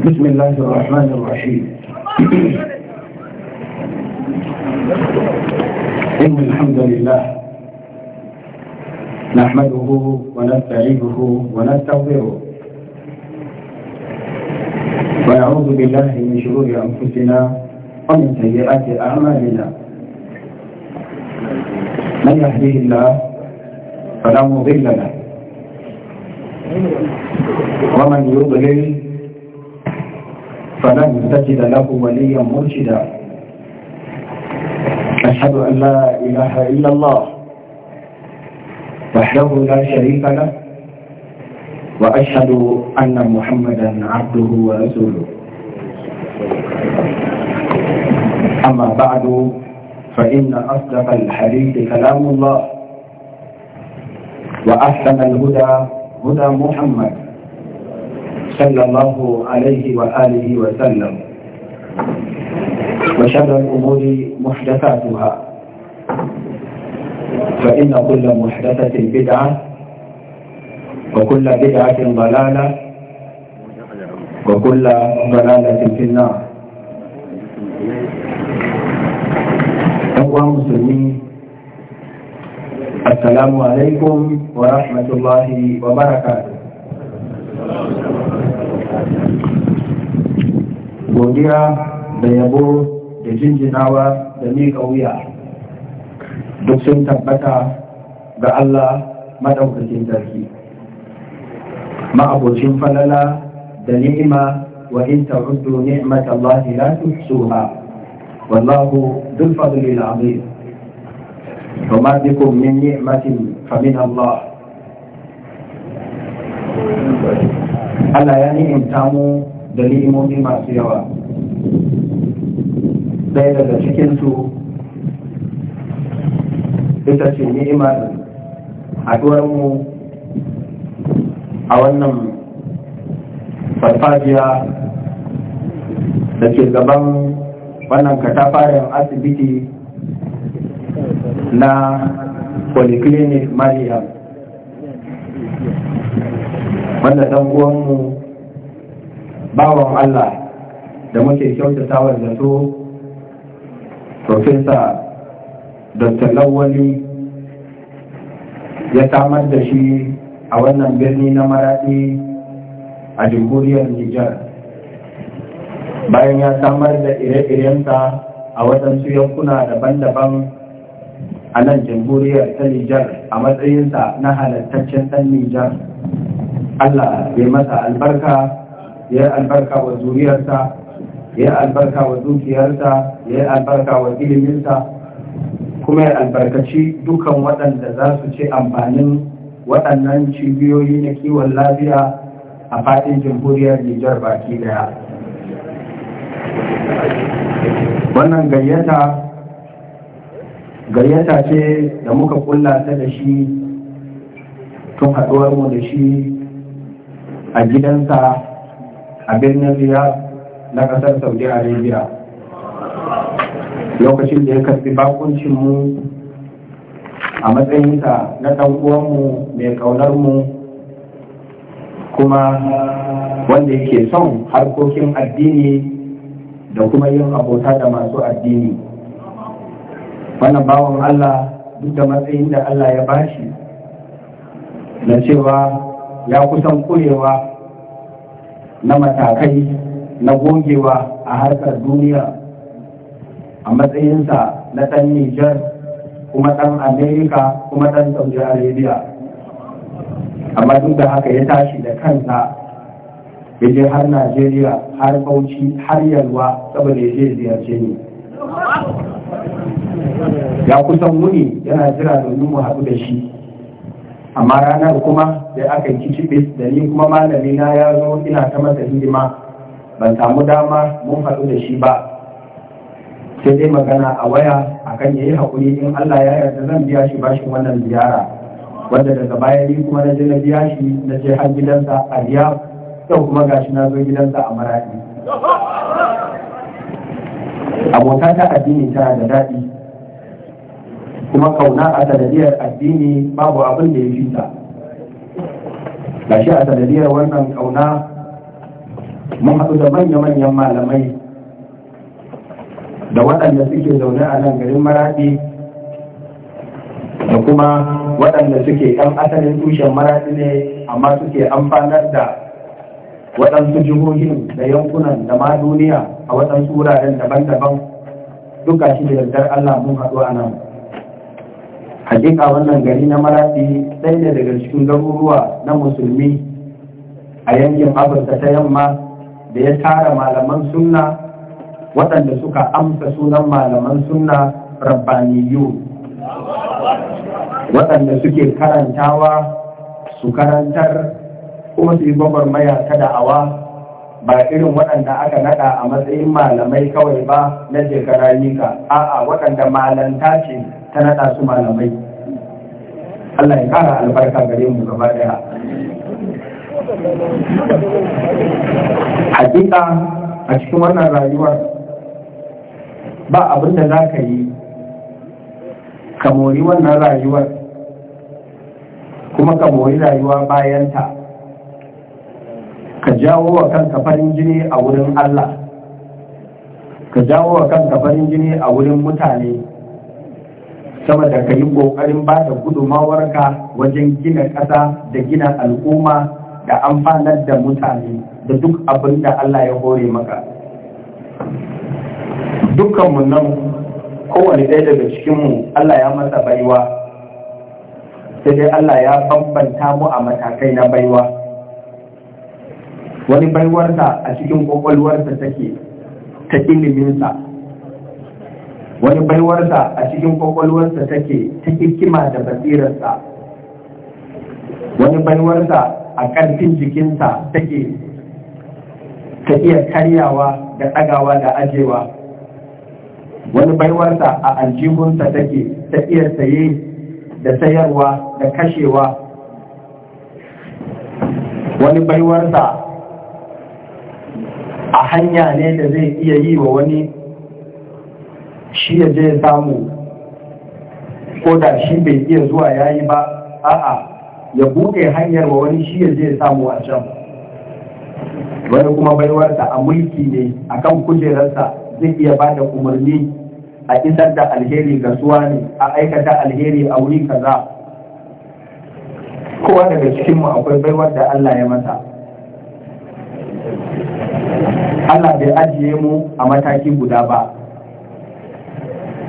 بسم الله الرحمن الرحيم إن الحمد لله نحمده ونستعينه ونستغفره ونعوذ بالله من شرور أنفسنا ومن سيئات أعمالنا من يهديه الله فلا مضل له ومن يضلل فلن تجد له وليا مرشدا أشهد أن لا إله إلا الله وحده لا شريك له وأشهد أن محمدا عبده ورسوله أما بعد فإن أصدق الحديث كلام الله وأحسن الهدى هدى محمد صلى الله عليه وآله وسلم وشر الأمور محدثاتها فإن كل محدثة بدعة وكل بدعة ضلالة وكل ضلالة في النار أخوة مسلمين السلام عليكم ورحمة الله وبركاته godiya da yabo da jinjinawa da miƙa wuya duk sun tabbata ga Allah maɗaukacin sarki ma'abocin falala da ni'ima wa in ta'uddu ni'matallahi la tuhsuha wallahu dhul fadli al-'azim وما بكم من fa min الله Allah ya ni'imta mu da ni'imomi masu yawa ɗaya daga cikinsu ita ce ni'imar haɗuwarmu a wannan farfajiya da ke gaban wannan katafaren asibiti na polyclinic mariam wanda ɗan uwanmu bawan Allah da muke tawar da su Profesa Dr. Lawali ya samar da shi a wannan birni na maraɗi a jamhuriyar Nijar bayan ya samar da ire-irensa a waɗansu yankuna daban-daban a nan jamhuriyar ta Nijar a matsayinsa na halattaccen ɗan Nijar Allah ya masa albarka ya albarkawa albarka wa zuriyarsa ya albarka wa dukiyarsa ya albarka wa iliminsa kuma ya albarkaci dukan waɗanda za su ce amfanin waɗannan cibiyoyi na kiwon lafiya a faɗin jamhuriyar nijar baki daya wannan gayyata gayyata ce da muka kulla ta da shi tun haɗuwarmu da shi a gidansa a birnin riya na ƙasar saudi arabia lokacin da ya karfi bakuncinmu a matsayinsa na ɗan'uwanmu mai ƙaunarmu kuma wanda yake son harkokin addini da kuma yin abota da masu addini wannan bawan allah duk da matsayin da allah ya bashi na cewa ya kusan kurewa na matakai na gogewa a harkar duniya a matsayinsa na ɗan Nijar kuma ɗan Amerika kuma ɗan Saudi Arabia. Amma duk da haka ya tashi da kansa ya je har Najeriya har Bauchi har Yalwa saboda ya je ziyarce ni. Ya kusan muni yana jira domin mu haɗu da shi amma ranar kuma da aka yi kicibis da ni kuma malami na ya zo ina ta masa hidima ban samu dama mun haɗu da shi ba sai dai magana a waya akan yayi haƙuri in Allah ya yarda zan biya shi bashin wannan ziyara wanda daga baya ni kuma na je na biya shi na je har gidansa a biya yau kuma gashi na zo gidansa a maraɗi abota ta addini tana da daɗi kuma kauna a sanadiyar addini babu abin da ya fi ta shi a sanadiyar wannan kauna mun haɗu da manya-manyan malamai da waɗanda suke zaune a nan garin maraɗi da kuma waɗanda suke ɗan asalin tushen maraɗi ne amma suke amfanar da waɗansu jihohin da yankunan da ma duniya a waɗansu wuraren daban-daban duka shi da yardar Allah mun haɗu a nan. hakika wannan gari na marafi ɗaya daga cikin garuruwa na musulmi a yankin afirka ta yamma da ya tara malaman sunna waɗanda suka amsa sunan malaman sunna rabbaniyu waɗanda suke karantawa su karantar kuma su yi gwagwarmaya ta da'awa ba irin waɗanda aka naɗa a matsayin malamai kawai ba na shekara yika a'a waɗanda malanta ce ta naɗa su malamai Allah ya kara albarka gare mu gaba daya hakika a cikin wannan rayuwar ba abin da za ka yi ka mori wannan rayuwar kuma ka mori rayuwa bayanta ka jawo wa kanka farin jini a wurin Allah ka jawo wa kanka farin jini a wurin mutane saboda ka yi ƙoƙarin ba da gudunmawarka wajen gina ƙasa da gina al'umma da amfanar da mutane da duk abin da Allah ya hore maka dukkanmu nan kowane ɗaya daga cikinmu Allah ya masa baiwa sai dai Allah ya bambanta mu a matakai na baiwa wani da a cikin kwakwalwarsa take ta iliminsa wani da a cikin kwakwalwarsa take ta hikima da basirarsa wani da a ƙarfin jikinsa take ta iya karyawa da ɗagawa da ajewa wani da a aljihunsa take ta iya saye da sayarwa da kashewa wani baiwarsa a hanya ne da zai iya yi wa wani shi ya je samu ko da shi bai iya zuwa ya yi ba a'a ya buɗe hanyar wa wani shi ya je samu a can wani kuma baiwarsa a mulki ne akan kujerarsa zai iya ba da umarni a isar da alheri ga suwa ne a aikata alheri a wuri kaza kowa daga cikinmu akwai baiwar da Allah ya mata Allah bai ajiye mu a mataki guda ba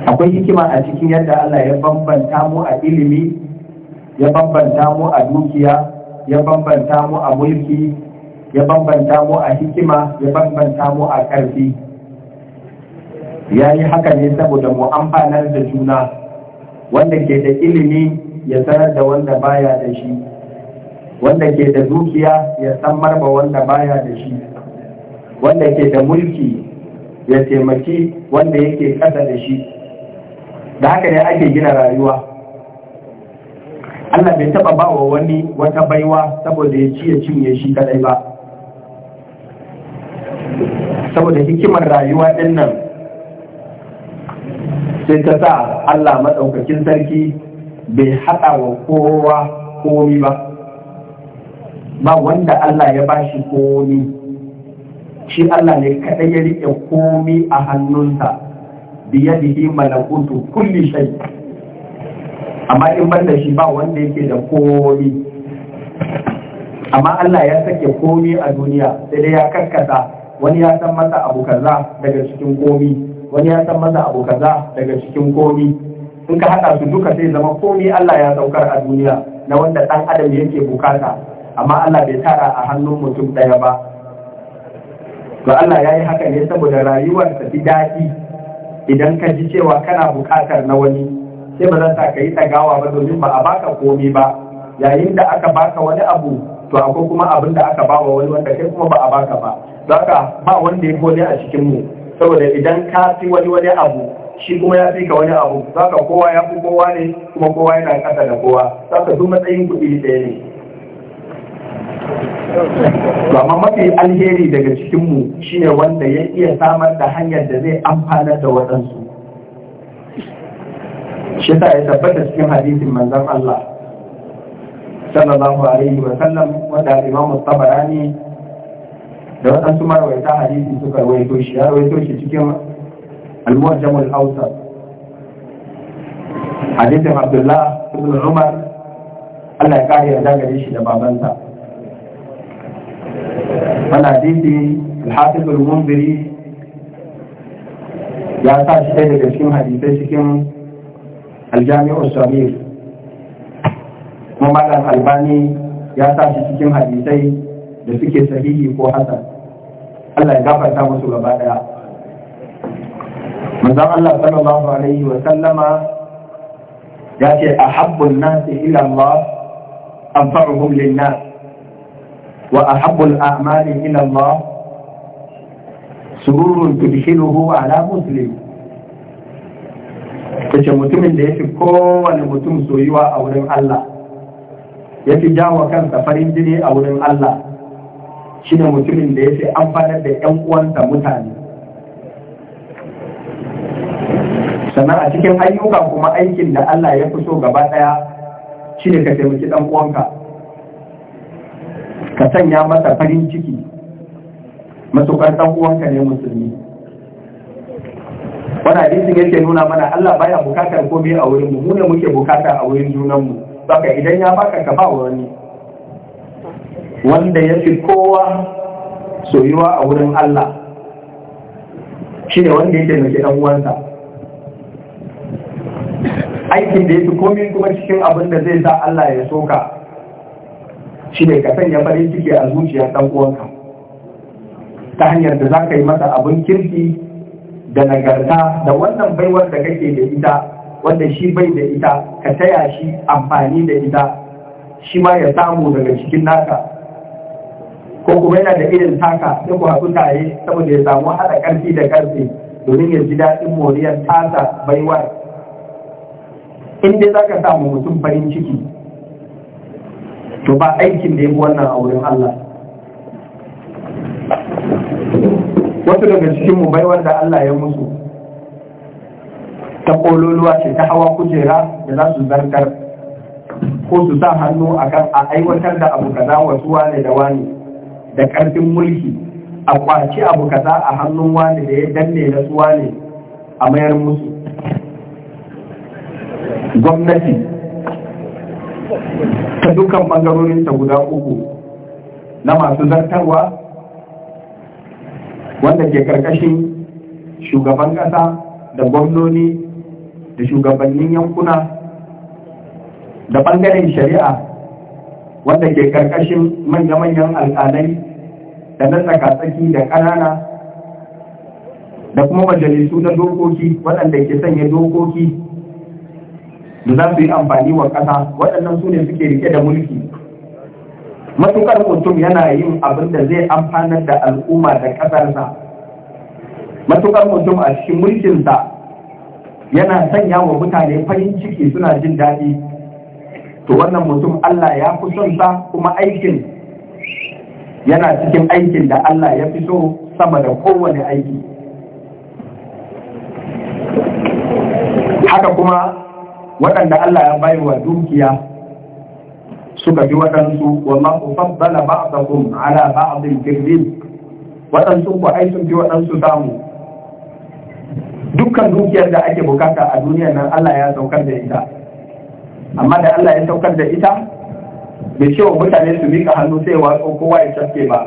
akwai hikima a cikin yadda Allah ya bambanta mu a ilimi ya bambanta mu a dukiya ya bambanta mu a mulki ya bambanta mu a hikima ya bambanta mu a ƙarfi ya yi haka ne saboda mu amfanar da juna wanda ke da ilimi ya sanar da wanda baya da shi wanda ke da dukiya ya san marba wanda baya da shi wanda ke da mulki ya taimaki wanda yake kasa da shi da haka ne ake gina rayuwa Allah bai taba ba wa wani wata baiwa saboda ya ci ya cinye shi kadai ba saboda hikimar rayuwa din nan sai ta sa Allah maɗaukakin sarki bai haɗa wa kowa komi ba ba wanda Allah ya bashi komi shi Allah ne kaɗai ya riƙe komi a hannunsa mana malakutu kulli shai amma in ban da shi ba wanda yake da komi amma Allah ya sake komi a duniya sai dai ya karkata wani ya san masa abu kaza daga cikin komi wani ya san masa abu kaza daga cikin komi in ka haɗa su duka sai zama komi Allah ya saukar a duniya na wanda ɗan adam yake bukata amma Allah bai tara a hannun mutum ɗaya ba to Allah ya yi haka ne saboda rayuwar ta fi daɗi idan ka ji cewa kana buƙatar na wani sai ba zan sa ka yi tagawa ba domin ba a baka komai ba yayin da aka baka wani abu to akwai kuma abin da aka bawa wani wanda kai kuma ba a baka ba don haka ba wanda ya gode a cikin mu saboda idan ka fi wani wani abu shi kuma ya fi ka wani abu za ka kowa ya fi kowa ne kuma kowa yana ƙasa da kowa za ka duk matsayin kuɗi ɗaya ne ba amma mafi alheri daga cikinmu shi ne wanda ya iya samar da hanyar da zai amfana da waɗansu shi ta ya tabbata cikin hadisin manzan Allah sallallahu alaihi wa sallam wanda imam tabarani da waɗansu marwaita hadisi suka rawaito shi ya rawaito shi cikin al-mu'jam al hadisin Abdullah ibn Umar Allah ya kare yarda gare shi da babansa wani hadisi alhafiz al-munziri ya sa shi ɗaya daga cikin hadisai cikin aljami'ar samir kuma malam albani ya sa shi cikin hadisai da suke sahihi ko hasan Allah ya gafarta musu gaba ɗaya manzan Allah sallallahu alaihi wa sallama ya ce a habbin nasi ila Allah anfa'uhum lin nasi وأحب الأعمال إلى الله سرور تدخله على مسلم kace mutumin da ya kowane mutum soyuwa a wurin Allah ya fi jawo kansa farin jini a wurin Allah shi ne mutumin da ya fi amfanar da 'yan uwansa mutane sannan a cikin ayyuka kuma aikin da Allah ya fi so gaba ɗaya shi ne ka taimaki ɗan uwanka ka sanya masa farin ciki matuƙar ɗan uwanka ne musulmi wani hadisin yake nuna mana Allah baya bukatar komai a wurin mu ne muke bukata a wurin junanmu baka idan ya baka ka ba wani wanda ya fi kowa soyuwa a wurin Allah shi ne wanda ya taimaki ɗan uwansa aikin da ya fi komai kuma cikin abin da zai sa Allah ya soka shi ne ka sanya farin ciki a zuciya ɗan uwanka ta hanyar da za ka yi masa abin kirki da nagarta da wannan baiwar da kake da ita wanda shi bai da ita ka taya shi amfani da ita shi ma ya samu daga cikin naka ko kuma yana da irin taka sai ku haɗu tare saboda ya samu haɗa ƙarfi da ƙarfi domin ya ji daɗin moriyar tasa baiwar in dai za ka samu mutum farin ciki to ba aikin da ya wannan a wurin Allah wasu daga cikin mu bai wanda Allah ya musu ta ƙololuwa ce ta hawa kujera da za su zartar ko su sa hannu a kan a aiwatar da abu kaza wasu wane da wane da karfin mulki a kwaci abu kaza a hannun wane da ya danne na su wane a mayar musu gwamnati ta dukkan bangarorin ta guda uku na masu zartarwa wanda ke karkashin shugaban ƙasa da gwamnoni da shugabannin yankuna da ɓangaren shari'a wanda ke karkashin manya-manyan alƙalai da na tsaki da ƙanana da kuma majalisu na dokoki waɗanda ke sanya dokoki da za su yi amfani wa ƙasa waɗannan su ne suke rike da mulki matukar mutum yana yin abin da zai amfanar da al'umma da ƙasarsa matukar mutum a cikin mulkinsa yana sanya wa mutane farin ciki suna jin daɗi to wannan mutum Allah ya fi son sa kuma aikin yana cikin aikin da Allah ya fi so sama da kowane aiki haka kuma waɗanda Allah ya bai wa dukiya suka bi waɗansu wallahu faddala ba'dakum ala ba'dil kirdin waɗansu ku ai sun bi waɗansu samu dukkan dukiyar da ake bukata a duniya nan Allah ya saukar da ita amma da Allah ya saukar da ita bai ce wa mutane su mika hannu sai watsa kowa ya cafke ba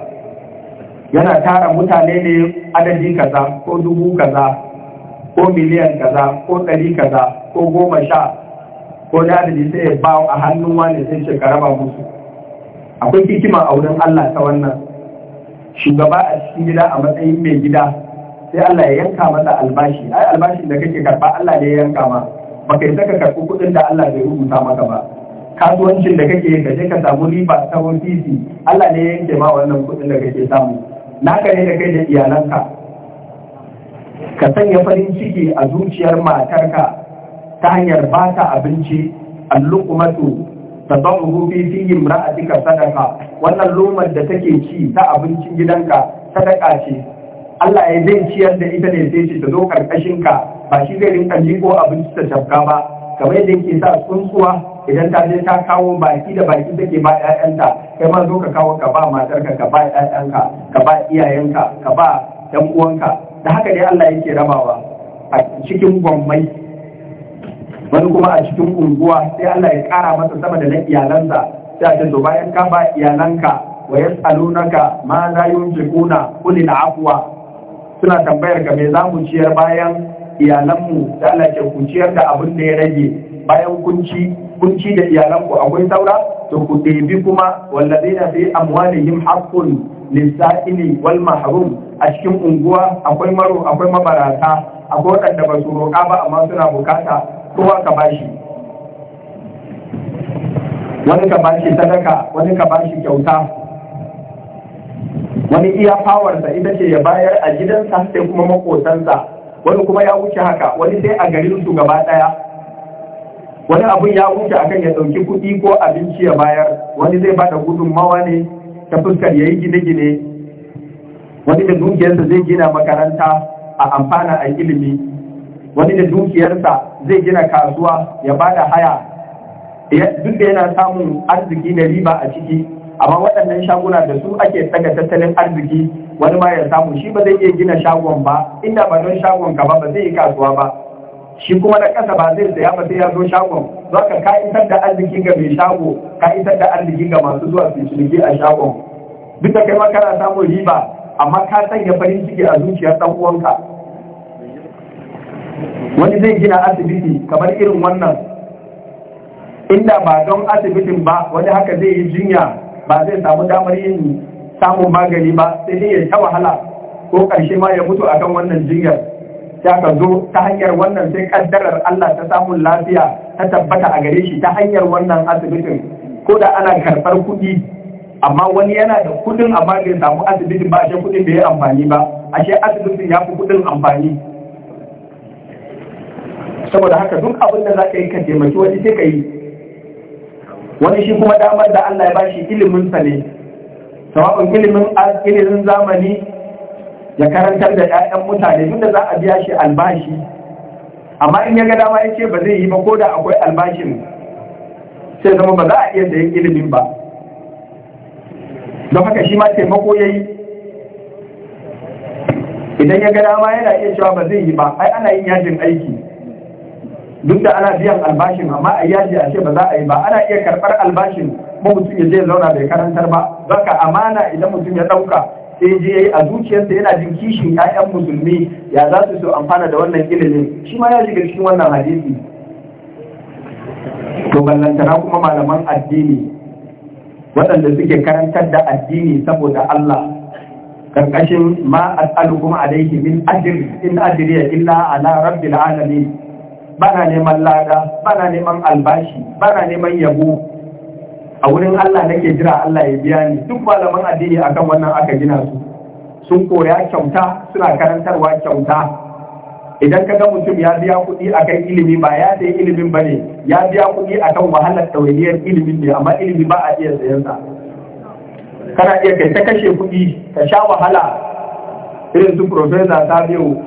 yana tara mutane ne adadi kaza ko dubu kaza ko miliyan kaza ko ɗari kaza ko goma sha ko da da sai ya ba a hannun wani sai ce ka raba musu akwai hikima a wurin Allah ta wannan shugaba a cikin gida a matsayin mai gida sai Allah ya yanka masa albashi ai albashin da kake karba Allah ne ya yanka ma baka isa ka karbi kuɗin da Allah zai rubuta maka ba kasuwancin da kake ka kaje ka samu riba ta wani Allah ne ya yanke ma wannan kuɗin da kake samu naka ne da kai da iyalanka ka sanya farin ciki a zuciyar matarka ta hanyar ba ta abinci alluqmatu tadawu fi fi imra'atika sadaqa wannan lumar da take ci ta abincin gidanka sadaka ce Allah ya zai ciyar da ita ne sai ce ta zo karkashin ka ba shi zai rinka jiko abinci ta shafka ba kamar yadda yake sa tsuntsuwa idan ta je ta kawo baki da baki take ba ƴaƴanta kai ma zo ka kawo ka ba matarka ka ba ƴaƴanka ka ba iyayenka ka ba ƴan uwanka da haka dai Allah yake rabawa a cikin gwammai wani kuma a cikin unguwa sai Allah ya kara masa sama da na iyalansa sai a ce to bayan ka ba iyalanka wa yas'alunaka ma za yi wunce kuna kuli na afuwa. suna tambayar ka me za mu ciyar bayan iyalanmu da Allah ke ku ciyar da abin da ya rage bayan kunci kunci da iyalanku akwai saura to ku ɗebi kuma wallazina fi amwalihim haqqun lisa'ili wal mahrum a cikin unguwa akwai maro akwai mabarata akwai waɗanda ba su roƙa ba amma suna bukata kowa ka bashi wani ka bashi sadaka wani ka bashi kyauta wani iya fawarsa ita ce ya bayar a gidansa sai kuma makotansa wani kuma ya wuce haka wani sai a garin su gaba daya wani abun ya wuce akan ya ɗauki kuɗi ko abinci ya bayar wani zai bada gudunmawa ne ta fuskar ya yi gine-gine wani da dukiyarsa zai gina makaranta a amfana a ilimi wani da dukiyarsa zai gina kasuwa ya ba da haya eh, duk da yana samun arziki da riba a ciki amma waɗannan shaguna da su ake tsaga tattalin arziki wani ma ya samu shi ba zai iya gina shagon ba inda ba don shagon ka ba ba zai yi kasuwa ba shi kuma na ƙasa ba zai saya ba sai ya zo shagon za ka ka'itar da arziki ga mai shago ka da arziki ga masu zuwa su ciniki a shagon duk da kai ma kana samun riba amma ka sanya farin ciki a zuciyar ɗan uwanka wani zai gina asibiti kamar irin wannan inda ba don asibitin ba wani haka zai yi jinya ba zai samu damar yin samun magani ba sai dai ya ta wahala ko karshe ma ya mutu a kan wannan jinyar ya ka zo ta hanyar wannan sai kaddarar Allah ta samun lafiya ta tabbata a gare shi ta hanyar wannan asibitin ko da ana karɓar kuɗi amma wani yana da kuɗin amma bai samu asibitin ba ashe kuɗin bai yi amfani ba ashe asibitin ya fi kuɗin amfani saboda haka duk abin da za ka yi ka taimaki wani sai ka yi wani shi kuma damar da Allah ya ba shi ilimin sa ne sababin ilimin ilimin zamani ya karantar da 'ya'yan mutane duk da za a biya shi albashi amma in ya ga dama ya ce ba zai yi ba ko da akwai albashin sai zama ba za a iya sayan ilimin ba don haka shi ma taimako ya yi idan ya ga dama yana iya cewa ba zai yi ba ai ana yin yajin aiki duk da ana biyan albashin amma a yaji a ce ba za a yi ba ana iya karɓar albashin ba mutum ya je zauna bai karantar ba zaka amana idan mutum ya ɗauka sai je ya yi a zuciyarsa yana jin kishin 'ya'yan musulmi ya za su so amfana da wannan ilimin shi ma ya shiga cikin wannan hadisi to ballantana kuma malaman addini waɗanda suke karantar da addini saboda Allah karkashin ma as'alukum alaihi min ajr in ajriya illa ala rabbil alamin bana neman lada bana neman albashi bana neman yabo a wurin Allah nake jira Allah ya biya ni duk malaman addini akan wannan aka gina su sun koya kyauta suna karantarwa kyauta idan ka ga mutum ya biya kuɗi akan ilimi ba ya sai ilimin bane ya biya kuɗi akan wahalar ɗawainiyar ilimin ne amma ilimi ba a iya sayan sa kana iya kai ta kashe kuɗi ka sha wahala irin su professor Sabiu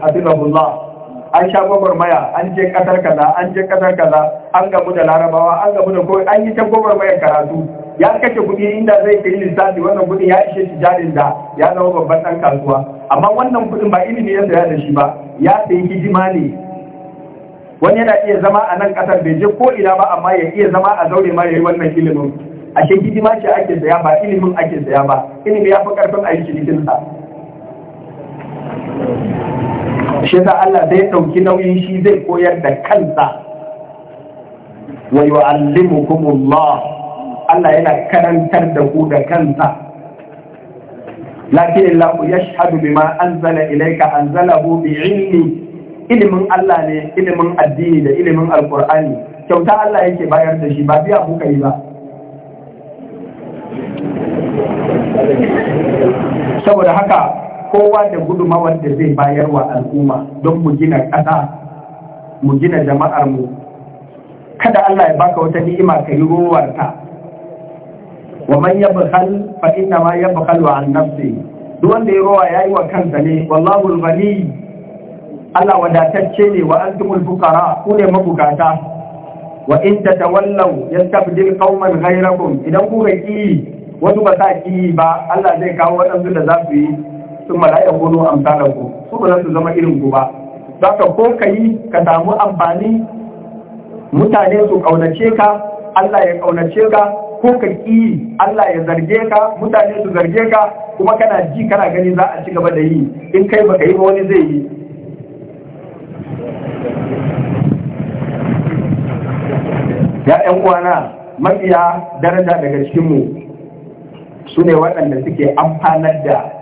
an sha gwagwarmaya an je kasar kaza an je kasar kaza an gabu da larabawa an gabu da kowai an yi ta gwagwarmayar karatu ya kashe kuɗi inda zai kai lissafi wannan kuɗi ya ishe shi jarin da ya zama babban ɗan kasuwa amma wannan kuɗin ba ilimi ya da shi ba ya sayi hidima ne wani yana iya zama a nan ƙasar bai je ko ina ba amma ya iya zama a zaure ma ya yi wannan ilimin ashe hidima ce ake saya ba ilimin ake saya ba ilimi ya fi karfin a yi cinikinsa shi yasa Allah zai ɗauki nauyin shi zai koyar da kansa wa yu'allimukumullah Allah yana karantar da ku da kansa lakin Allah yashhadu bima anzala ilayka anzalahu bi ilmi ilimin Allah ne ilimin addini da ilimin alkur'ani kyauta Allah yake bayar da shi ba biya kuka yi ba saboda haka kowa da gudumawar da zai bayar wa al'umma don mu gina ƙasa mu gina jama'ar mu kada Allah ya baka wata ni'ima ka yi ruwarta. wa man yabkhal fa inna ma yabkhalu an nafsi duk wanda ya rowa yayi wa kansa ne wallahu al-ghani Allah wadatacce ne wa antumul fuqara ku ne mabukata wa in tatawallaw yastabdil qauman ghayrakum idan ku ga ki wasu ba sa ki ba Allah zai kawo waɗansu da za su yi sun mala'in gunu amsalanku su ba za su zama irin ku ba za ka ko ka yi ka damu amfani mutane su ƙaunace ka Allah ya ƙaunace ka ko ka ƙi Allah ya zarge ka mutane su zarge ka kuma kana ji kana gani za a ci gaba da yi in kai baka yi ba wani zai yi ya ‘yan uwana mafiya daraja daga cikinmu su ne waɗanda suke amfanar da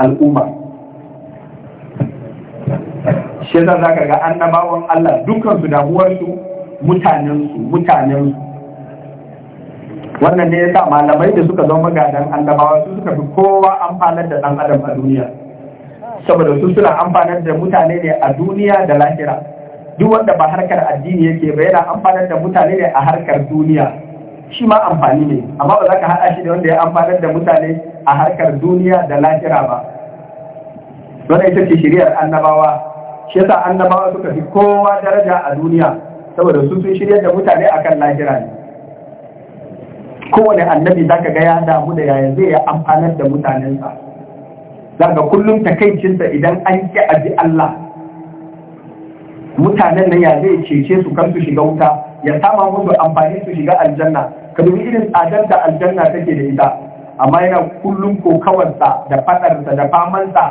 al'umma shi yasa za ka ga annabawan Allah dukkan su damuwarsu mutanensu mutanensu wannan ne yasa malamai da suka zama gadan annabawa su suka fi kowa amfanar da ɗan adam a duniya saboda su suna amfanar da mutane ne a duniya da lahira duk wanda ba harkar addini yake ba yana amfanar da mutane ne a harkar duniya shi ma amfani ne amma ba za ka haɗa shi da wanda ya amfanar da mutane a harkar duniya da lahira ba wanda ita ce shiriyar annabawa shi yasa annabawa suka fi kowa daraja a duniya saboda su sun shiryar da mutane akan lahira ne kowane annabi za ka ga ya damu da yaya zai ya amfanar da mutanensa za ka kullum takaicinsa idan an ki aji Allah mutanen nan ya zai cece su kan su shiga wuta ya sama musu amfani su shiga aljanna ka dubi irin tsadar da aljanna take da ita amma yana kullum kawansa da fadarsa da famansa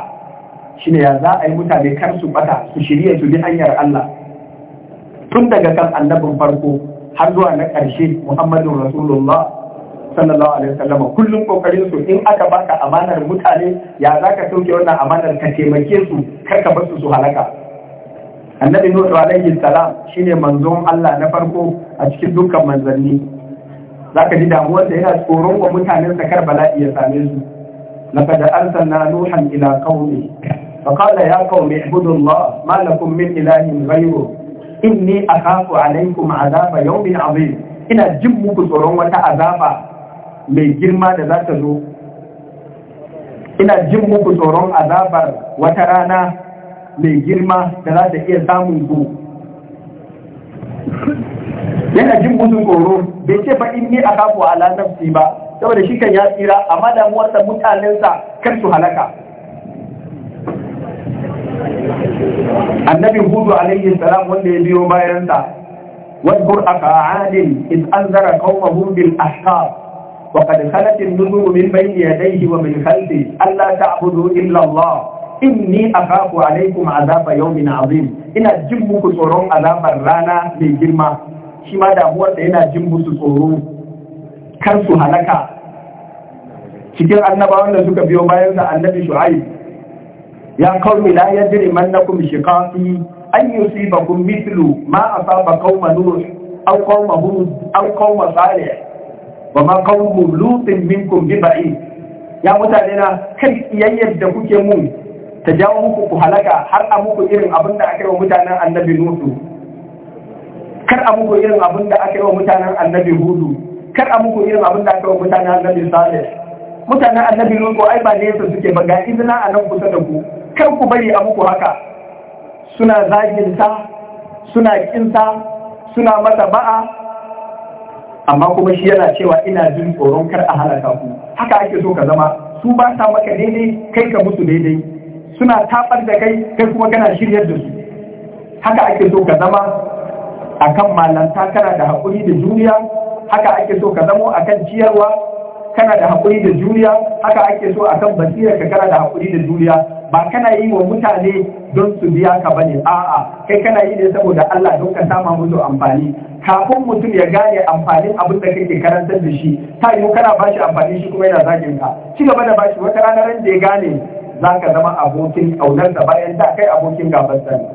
shine ya za a yi mutane kar su bata su shirya su bi hanyar Allah tun daga kan annabin farko har zuwa na ƙarshe Muhammadu Rasulullah sallallahu alaihi wasallam kullum kokarin su in aka baka amanar mutane ya zaka sauke wannan amanar ka taimake su kar ka bar su su halaka annabi nuhu alaihi salam shine manzon Allah na farko a cikin dukkan manzanni zaka ji damuwar da yana tsoron wa mutanen sa kar bala'i ya same su laqad arsalna nuhan ila qaumi fa qala ya qaumi ibudu Allah ma lakum min ilahin ghayru inni akhafu alaykum azaba yawmin azim ina jin muku tsoron wata azaba mai girma da za ta zo ina jin muku tsoron azabar wata rana mai girma da za ta iya samun ku yana jin mutum tsoro bai ce fa inni a kafu ala nafsi ba saboda shi kan ya tsira amma damuwarsa mutanensa kan su halaka annabin hudu alaihi salam wanda ya biyo bayansa wadbur aka adin an anzara qaumahu bil ahqaf وقد خلت النذور من بين يديه ومن خلفه ألا تعبدوا إلا الله inni akhafu alaikum azaba yawmin azim ina jin muku tsoron azabar rana mai girma shi ma damuwar da yana jin musu tsoro kar su halaka cikin annabawan da suka biyo bayan da annabi shu'aib ya qaumi la yajrimannakum shiqaqi an yusibakum mithlu ma asaba qauma nuh aw qauma hud aw qauma salih wa ma qaumu lutin minkum bibai ya mutane na kai iyayen da kuke mun ta jawo muku ku halaka har a muku irin abin da aka yi wa mutanen annabi Nuhu kar a muku irin abin da aka yi wa mutanen annabi Hudu kar a muku irin abin da aka yi wa mutanen annabi Salih mutanen annabi Nuhu ai ba nesa suke ba ga izina a nan kusa da ku kar ku bari a muku haka suna zaginta suna kinsa suna mata ba'a amma kuma shi yana cewa ina jin tsoron kar a halaka ku haka ake so ka zama su ba sa maka daidai kai ka musu daidai suna tabar da kai kai kuma kana shiryar da su haka ake so ka zama akan malanta kana da haƙuri da juriya haka ake so ka zamo akan ciyarwa kana da haƙuri da juriya haka ake so akan basira ka kana da haƙuri da juriya ba kana yi wa mutane don su biya ka bane a'a kai kana yi ne saboda Allah don ka samu musu amfani kafin mutum ya gane amfanin abin da kake karantar da shi ta mu kana bashi amfani shi kuma yana zagin ka ci gaba da bashi wata ranar da ya gane za ka zama abokin da bayan da kai abokin gabar sani.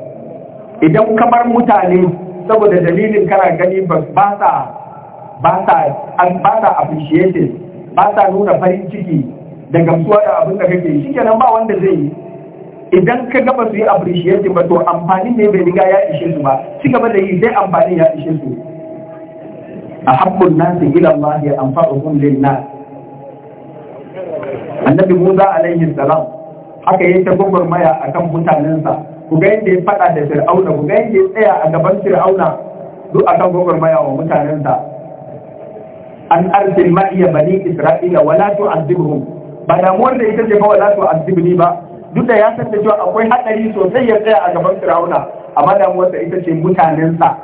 idan kamar mutane saboda dalilin kana gani ba sa ba sa ba sa nuna farin ciki da gamsuwa da abin da kake shi kenan ba wanda zai yi idan ka gaba su yi appreciating ba to amfani ne bai riga ya ishe su ba ci gaba da yi sai amfani ya ishe su a habbun nasi ila Allah ya amfa'uhum lin nas annabi Musa alaihi salam aka yi ta gwagwarmaya a kan mutanensa ku ga yadda ya faɗa da fir'auna ku ga yadda ya tsaya a gaban fir'auna duk a kan gwagwarmaya wa mutanensa an arsil ma bani isra'ila wala tu'azibhum ba damuwar da ita ce ba wala tu'azibni ba duk da ya san da cewa akwai haɗari sosai ya tsaya a gaban fir'auna amma damuwar da ita ce mutanensa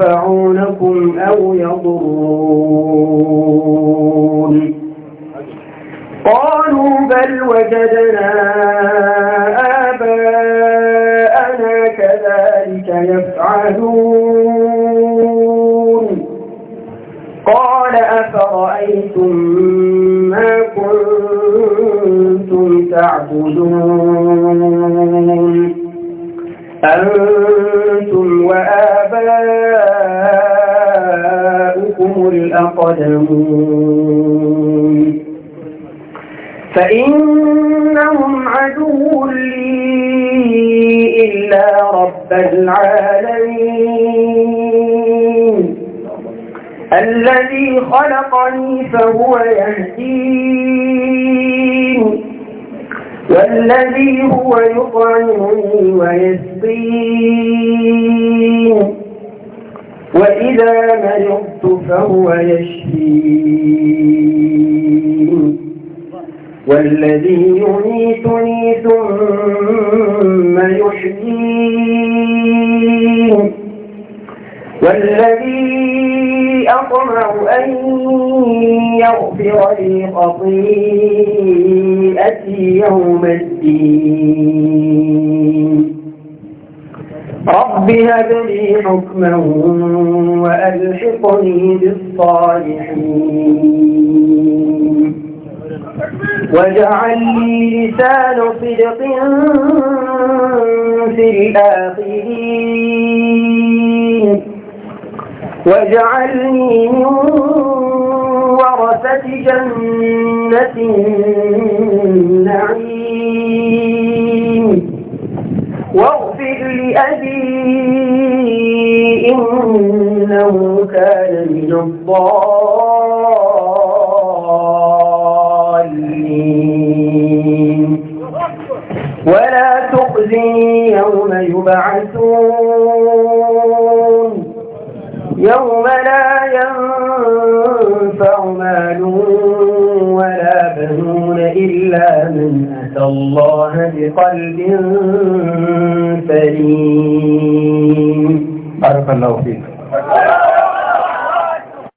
ينفعونكم أو يضرون قالوا بل وجدنا آباءنا كذلك يفعلون قال أفرأيتم ما كنتم تعبدون أنتم وآباءكم يعلمون فإنهم عدو لي إلا رب العالمين الذي خلقني فهو يهدين والذي هو يطعمني ويسقين وإذا مرضت فهو يشفين والذي يميتني ثم يحيين والذي أطمع أن يغفر لي خطيئتي يوم الدين رب هب لي حكما وألحقني بالصالحين واجعل لي لسان صدق في الآخرين واجعلني من ورثة جنة النعيم أبي إنه كان من الضالين ولا تخزني يوم يبعثون يوم لا ينفع مال ولا بنون إلا من أتى الله بقلب سليم بارك الله فيك